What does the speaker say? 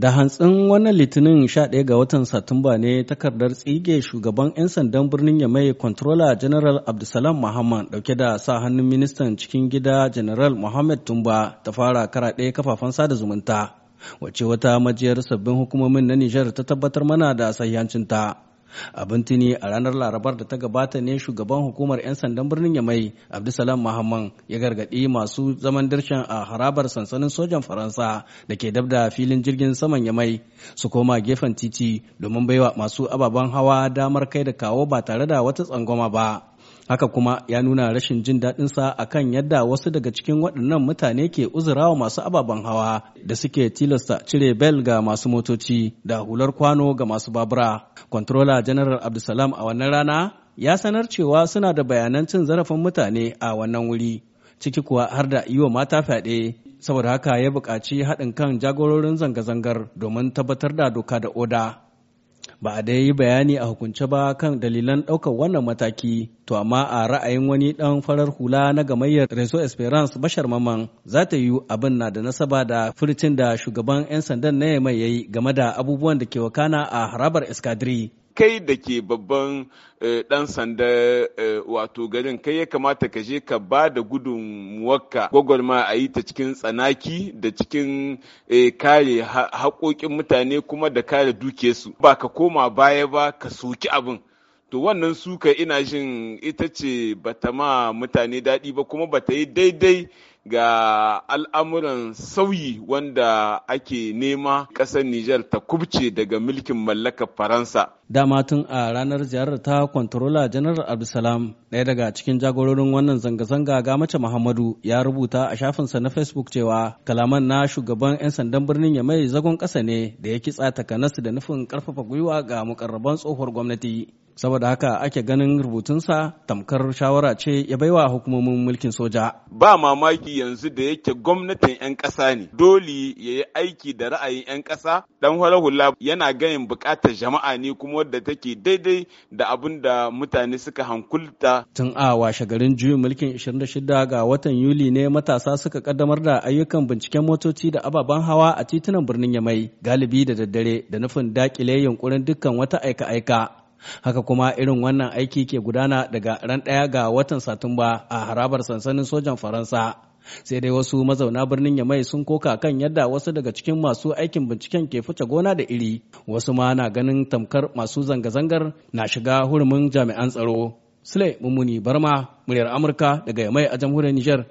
Da hantsin wannan litinin 11 ga watan Satumba ne takardar tsige shugaban 'yan sandan birnin ya mai Controller General Abdulsalam Muhammad dauke da sa hannun ministan cikin gida General Muhammad Tumba ta fara karaɗe kafafen sada zumunta. Wace wata majiyar sabbin hukumomin na Nijar ta tabbatar mana da sayyancinta. abin tuni a ranar larabar da ta gabata ne shugaban hukumar 'yan sandan birnin ya mai, abdulsalam mahamman ya gargaɗi masu zaman dirshan a harabar sansanin sojan faransa da ke dabda filin jirgin saman ya mai, su koma gefen titi domin baiwa masu ababen hawa damar kai da kawo ba tare da wata tsangwama ba Haka kuma ya nuna rashin jin daɗinsa a kan yadda wasu daga cikin waɗannan mutane ke uzurawa masu ababen hawa da suke tilasta cire bel ga masu motoci da hular kwano ga masu babura. Kwantarola Janaral Abdulsalam a wannan rana ya sanar cewa suna da bayanan cin zarafin mutane a wannan wuri, ciki kuwa har da iyo mata fyaɗe. Saboda haka ya buƙaci haɗin kan jagororin zanga-zangar domin tabbatar da doka da oda. Ba a dai yi bayani a hukunce ba kan dalilan ɗaukar wannan mataki, to amma a ra'ayin wani ɗan farar hula na gamayyar Reso Esperance Bashar Maman za ta yi abin na da nasaba da furcin da shugaban 'yan sandan na mai yayi game da abubuwan da ke wakana a harabar escadrille. kai da ke babban dan eh, sanda eh, wato garin kai ya kamata ka je ka ba da gudun gudunmuwarka gwagwarma a yi ta cikin tsanaki da cikin eh, kare haƙoƙin mutane kuma da kare su ba ka koma baya ba ka soki abin to wannan suka ina jin ita ce bata ma mutane daɗi ba kuma bata yi daidai ga al'amuran sauyi wanda ake nema ƙasar Nijar ta kubce daga mulkin mallakar Faransa. Dama tun a ranar ziyarar ta kwantarola janar Abdulsalam ɗaya daga cikin jagororin wannan zanga-zanga ga mace Muhammadu ya rubuta a shafinsa na Facebook cewa kalaman na shugaban 'yan sandan birnin ya mai zagon ƙasa ne da ya kitsa takanasu da nufin ƙarfafa gwiwa ga mukarraban tsohuwar gwamnati. saboda haka ake ganin rubutunsa tamkar shawara ce ya baiwa hukumomin mulkin soja. Ba mamaki yanzu da yake gwamnatin 'yan ƙasa ne dole ya yi aiki da ra'ayin 'yan ƙasa dan hula yana ganin buƙatar jama'a ne kuma wadda take daidai da abin da mutane suka hankulta. Tun a washe garin juyin mulkin 26 ga watan Yuli ne matasa suka kaddamar da ayyukan binciken motoci da ababen hawa a titunan birnin Yamai galibi da daddare da nufin dakile yunkurin dukkan wata aika-aika. haka kuma irin wannan aiki ke gudana daga ran ɗaya ga watan satumba a harabar sansanin sojan faransa sai dai wasu mazauna birnin yamai sun koka kan yadda wasu daga cikin masu aikin binciken ke fice gona da iri wasu ma na ganin tamkar masu zanga-zangar na shiga hurumin jami'an tsaro sule mummuni barma muryar amurka daga yamai a jamhuriyar niger